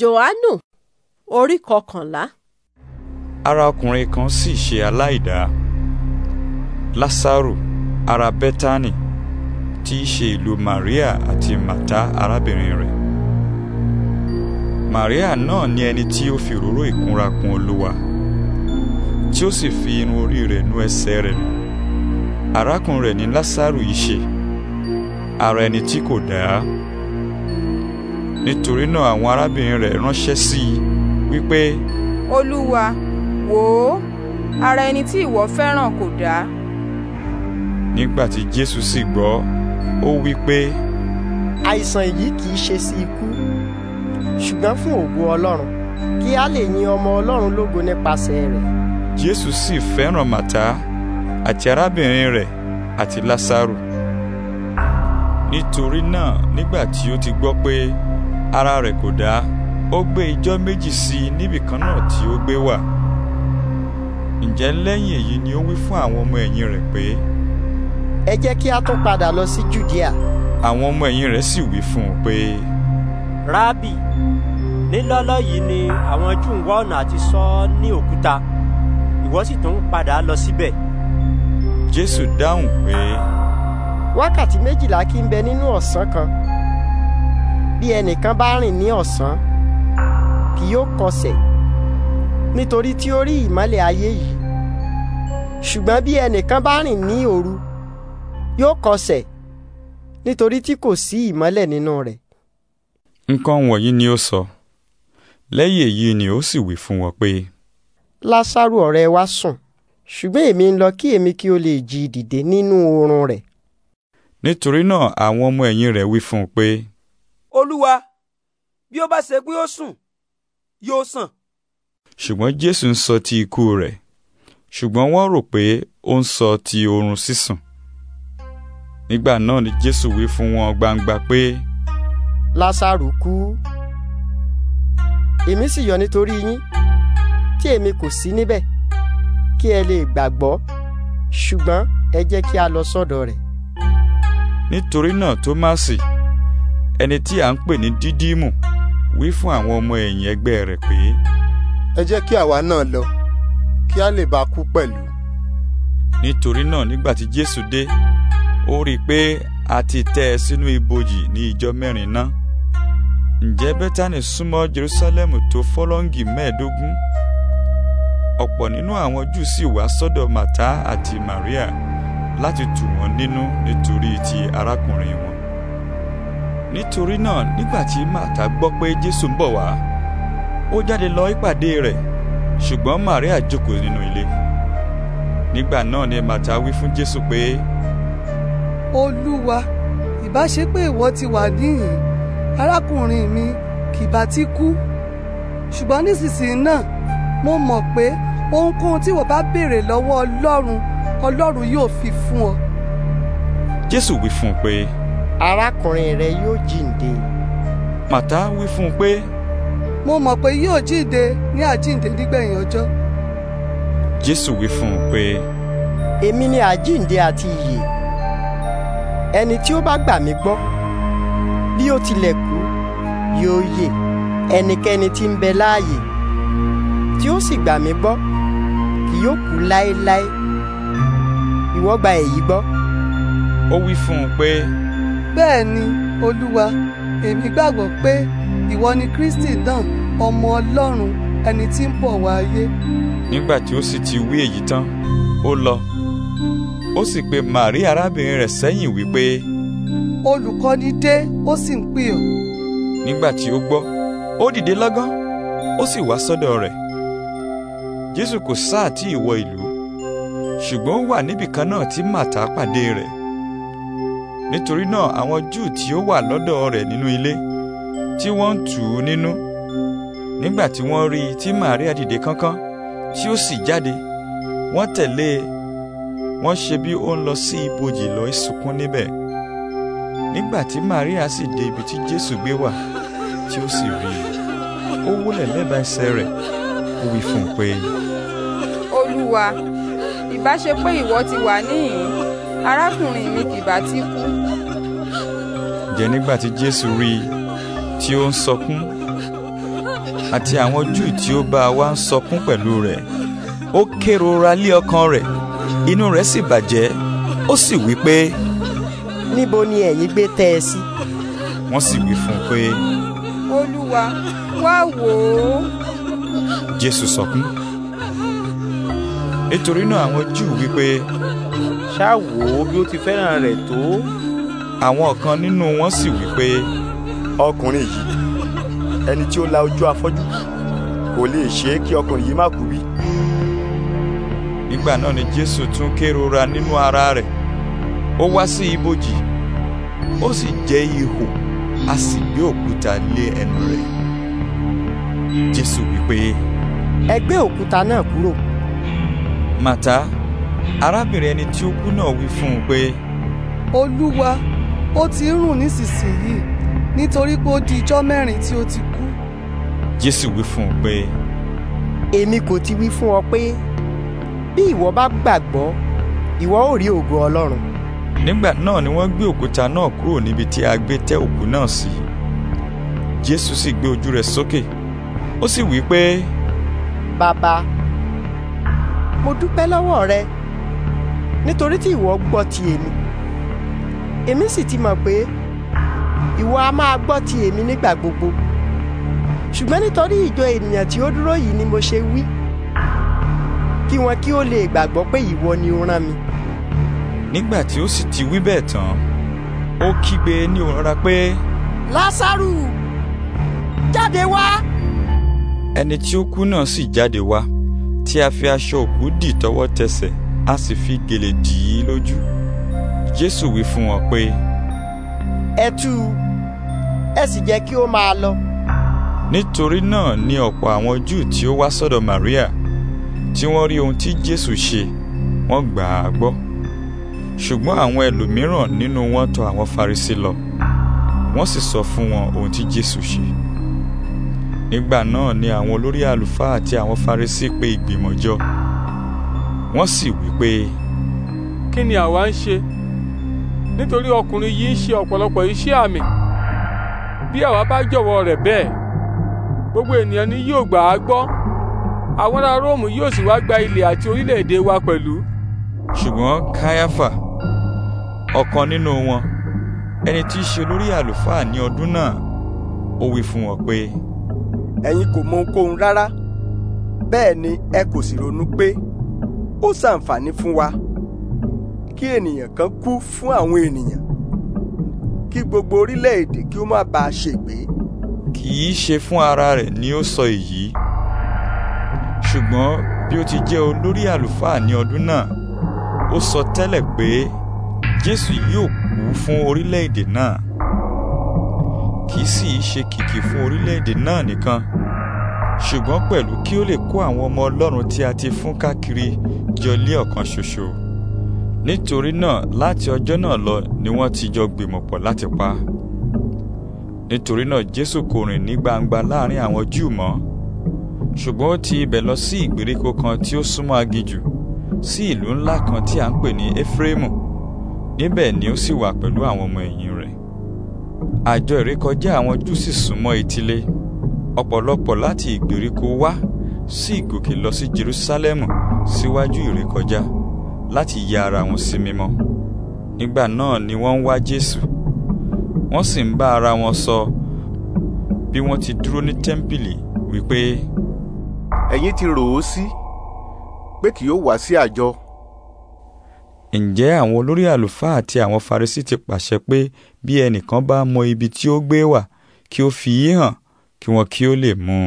Jòhánù orí kọkànlá. ara ọkùnrin kan sì ṣe aláìdá Lásárù ará Bẹ́tánì tí í ṣe ìlú Màríà àti Màtá arábìnrin rẹ̀ Màríà náà ni ẹni tí ó fi òróró ìkunra kun Olúwa tí ó sì fi irun orí rẹ̀ nu ẹsẹ̀ rẹ̀ arákùnrin rẹ̀ ni Lásárù yìí ṣe ara ẹni tí kò dá nítorí náà àwọn arábìnrin rẹ̀ ránṣẹ́ sí i wípé. olúwa wò ó ara ẹni tí ìwọ fẹ́ràn kò dá. nígbà tí jésù sì gbọ́ ó wí pé. àìsàn yìí kì í ṣe sí ikú ṣùgbọ́n fún ògo ọlọ́run kí a lè yin ọmọ ọlọ́run lógo nípasẹ̀ rẹ̀. jésù sì fẹ́ràn màtá àti arábìnrin rẹ̀ àti lásàrù nítorí náà nígbà tí ó ti gbọ́ pé ara rẹ̀ kò dá ó gbé ijọ́ méjì sí i níbì kan náà tí ó gbé wà ǹjẹ́ lẹ́yìn èyí ni ó wí fún àwọn ọmọ ẹ̀yìn rẹ̀ pé. ẹ jẹ́ kí a tún padà lọ sí Jùdíà. àwọn ọmọ ẹ̀yìn rẹ̀ sì wí fún un pé. rábì nílọ́lọ́ yìí ni àwọn júù ń wá ọ̀nà àti sọ ọ́ ní òkúta ìwọ sì tún padà lọ síbẹ̀. jésù dáhùn pé. wákàtí méjìlá kí n bẹ nínú ọ̀sán kan bí ẹnìkan bá rìn ní ọ̀sán kì yóò kọsẹ̀ nítorí tí ó rí ìmọ́lẹ̀ ayé yìí ṣùgbọ́n bí ẹnìkan bá rìn ní òru yóò kọsẹ̀ nítorí tí kò sí ìmọ́lẹ̀ nínú rẹ̀. nǹkan wọ̀nyí ni ó sọ lẹ́yìn èyí ni ó sì wí fún wọn pé. lásàrò ọ̀rẹ́ wa sùn ṣùgbọ́n èmi ń lọ kí èmi kí ó lè jí dìde nínú oorun rẹ̀. nítorí náà àwọn ọmọ ẹ̀yìn rẹ̀ wí fún un pé olúwa bí ó bá ṣe pé ó sùn yóò sàn. ṣùgbọ́n jésù ń sọ ti ikú rẹ̀ ṣùgbọ́n wọ́n rò pé ó ń sọ ti oorun sísùn. nígbà náà ni jésù wí fún wọn gbangba pé. lásàrù kú èmi sì yọ̀ nítorí yín tí èmi kò sí níbẹ̀ kí ẹ lè gbàgbọ́ ṣùgbọ́n ẹ jẹ́ kí a lọ sọ́dọ̀ rẹ̀. nítorí náà tómásì. Si ẹni tí à ń pè ní dídímù wí fún àwọn ọmọ ẹ̀yìn ẹgbẹ́ rẹ̀ pé. ẹ jẹ́ kí àwa náà lọ kí a lè bá kú pẹ̀lú. nítorí náà nígbà tí jésù dé ó rí i pé a ti tẹ́ ẹ sínú ibojì ní ìjọ mẹ́rin náà ǹjẹ́ bẹ́tánì súnmọ́ jerúsálẹ́mù tó fọ́lọ́ǹgì mẹ́ẹ̀ẹ́dógún ọ̀pọ̀ nínú àwọn júù sì wá sọ́dọ̀ màtá àti màríà láti tù wọ́n nínú nítorí ti arákùnrin wọn nítorí náà nígbà tí màtá gbọ́ pé jésù ń bọ̀ wá ó jáde lọ ìpàdé rẹ̀ ṣùgbọ́n màríà jókòó nínú ilé nígbà náà ni màtá wí fún jésù pé. olúwa ìbá ṣe pé ìwọ ti wà níhìn arákùnrin mi kì bá ti kú ṣùgbọ́n nísinsìnyí náà mo mọ̀ pé ohunkóhun tí ìwọ bá béèrè lọ́wọ́ ọlọ́run ọlọ́run yóò fi fún ọ. jésù wí fún un pé arákùnrin rẹ yóò jíǹde. màtá wí fún un pé. mo mọ̀ pé yóò jíǹde ní àjíǹde nígbẹ̀yìn ọjọ́. jésù wí fún un pé. èmi ni àjíǹde àti ìyè ẹni tí ó bá gbà mí gbọ́ bí ó tilẹ̀ kú yóò yè ẹnikẹ́ni tí ń bẹ láàyè tí ó sì gbà mí gbọ́ kì yóò kú láéláé ìwọ gba èyí gbọ́. ó wí fún un pé. Pe bẹ́ẹ̀ ni olúwa èmi gbàgbọ́ pé ìwọ ni kristi náà ọmọ ọlọ́run ẹni tí ń bọ̀ wá ayé. nígbà tí ó sì ti wí èyí tán ó lọ ó sì pe màrí arábìnrin rẹ̀ sẹ́yìn wípé. olùkọ́ni dé ó sì ń pè ọ́. nígbà tí ó gbọ́ ó dìde lọ́gán ó sì wá sọ́dọ̀ rẹ̀ jésù kò sáà tí ì wọ ìlú ṣùgbọ́n ó wà níbìkan náà tí màtá pàdé rẹ̀ nítorí náà àwọn júù tí ó wà lọ́dọ̀ rẹ̀ nínú ilé tí wọ́n ń tù ú nínú nígbà tí wọ́n rí i tí Màríà dìde kánkán tí ó sì jáde wọ́n tẹ̀lé e wọ́n ṣe bí ó ń lọ sí ibojì lọ sunkún níbẹ̀ nígbà tí Màríà sì dé ibi tí Jésù gbé wà tí ó sì rí i ó wólẹ̀ lẹ́bàá ẹsẹ̀ rẹ̀ ó wí fún un pé. Olúwa ìbá ìwọ ti wà níhìn-ín arákùnrin mi kì bá ti kú. jẹ́ nígbà tí jésù rí i tí ó ń sọkún àti àwọn júù tí ó bá a wá ń sọkún pẹ̀lú rẹ̀ ó kérora lé ọkàn rẹ̀ inú rẹ̀ sì bàjẹ́ ó sì wí pé. níbo ni ẹ̀yin gbé tẹ́ ẹ sí. wọ́n sì wí fún un pé. olúwa wá wò ó. jésù sọkún nítorí náà àwọn júù wí pé ṣáà wò ó bí ó ti fẹ́ràn rẹ̀ tó. àwọn kan nínú wọn sì wí pé. ọkùnrin yìí ẹni tí ó la ojú afọ́jú kò lè ṣe é kí ọkùnrin yìí má kú bí. nígbà náà ni jésù tún kérora nínú ara rẹ̀ ó wá sí ibojì ó sì jẹ́ ihò a sì gbé òkúta lé ẹnu rẹ̀ jésù wí pé. ẹ gbé òkúta náà kúrò. màtá arábìnrin ẹni tí ó kú náà wí fún un pé. olúwa ó ti ń rùn nísinsìnyí nítorí pé ó di ijọ́ mẹ́rin tí ó ti kú. jésù wí fún un pé. èmi kò ti wí fún ọ pé bí ìwọ bá gbàgbọ́ ìwọ ó rí ògo ọlọ́run. nígbà náà ni wọ́n gbé òkúta náà kúrò níbi tí a gbé tẹ́ òkú náà sí jésù sì gbé ojú rẹ̀ sókè ó sì wí pé. bàbá mo dúpẹ́ lọ́wọ́ rẹ nítorí tí ìwọ gbọ́ ti èmi èmi sì ti mọ̀ pé ìwọ a máa gbọ́ ti èmi nígbà gbogbo ṣùgbọ́n nítorí ìjọ ènìyàn tí ó dúró yìí ni mo ṣe wí kí wọn kí ó lè gbàgbọ́ pé ìwọ ni ó rán mi. nígbà tí ó sì ti wí bẹ́ẹ̀ tán ó kígbe ní òrora pé. lásàrù jáde wá. ẹni tí ó kú náà sì jáde wá tí a fi aṣọ òkú dì tọwọ́ tẹsẹ̀ a sì fi gèlè dì í lójú jésù wí fún wọn pé. ẹ tú u ẹ sì jẹ́ kí ó máa lọ. nítorí náà ni ọ̀pọ̀ àwọn júù tí ó wá sọ́dọ̀ maria tí wọ́n rí ohun tí jésù ṣe wọ́n gbà á gbọ́ ṣùgbọ́n àwọn ẹlòmíràn nínú wọn tọ̀ àwọn farisi lọ wọ́n sì sọ fún wọn ohun tí jésù ṣe nígbà náà ni àwọn olórí àlùfáà àti àwọn farisi pe ìgbìmọ̀ jọ wọ́n sì wí pé. kí ni àwa ń ṣe nítorí ọkùnrin yìí ń ṣe ọ̀pọ̀lọpọ̀ iṣẹ́ àmì bí àwa bá jọ̀wọ́ rẹ̀ bẹ́ẹ̀ gbogbo ènìyàn ni yóò gbà á gbọ́ àwọn ará róòmù yóò sì wá gba ilẹ̀ àti orílẹ̀-èdè wa pẹ̀lú. ṣùgbọ́n káyáfà ọ̀kan nínú wọn ẹni tí í ṣe olórí àlùfáà ní ọdún náà ó wí fún wọn pé. ẹ̀yin kò mọ ohunkóhun rárá bẹ́ẹ̀ ni ẹ kò sì ronú pé ó ṣàǹfààní fún wa kí ènìyàn kan kú fún àwọn ènìyàn kí gbogbo orílẹ̀-èdè kí ó má bàa ṣègbé. kì í ṣe fún ara rẹ̀ ni ó sọ èyí ṣùgbọ́n bí ó ti jẹ́ olórí àlùfáà ní ọdún náà ó sọ tẹ́lẹ̀ pé Jésù yóò kú fún orílẹ̀-èdè náà kì í sì í ṣe kìkì fún orílẹ̀-èdè náà nìkan ṣùgbọ́n pẹ̀lú kí ó lè kó àwọn ọmọ ọlọ́run tí a ti fún káàkiri jọ lé ọ̀kan ṣoṣo nítorí náà láti ọjọ́ náà lọ ni wọ́n ti jọ gbìmọ̀pọ̀ láti pa á nítorí náà jésù kò rìn ní gbangba láàrin àwọn júù mọ́ ṣùgbọ́n ó ti ibẹ̀ lọ sí ìgbèríko kan tí ó súnmọ́ aginjù sí ìlú ńlá kan tí a ń pè ní éfrémù níbẹ̀ ni ó sì wà pẹ̀lú àwọn ọmọ ẹ̀yìn rẹ̀ àjọ ìrékọjá àwọn júù sì súnmọ́ etílé ọ̀pọ̀lọpọ̀ láti ìgbèríko wá sí ìgòkè lọ sí Jerúsálẹ́mù síwájú ìrékọjá láti ya ara wọn sí mímọ́ nígbà náà ni wọ́n ń wá Jésù wọ́n sì ń bá ara wọn sọ bí wọ́n ti dúró ní tẹ́ḿpìlì wípé. ẹ̀yin ti rò ó sí pé kì yóò wá sí àjọ. ǹjẹ́ àwọn olórí àlùfáà àti àwọn Farisí ti pàṣẹ pé bí ẹnìkan bá mọ ibi tí ó gbé wà kí ó fi í hàn kí wọn kí ó lè mú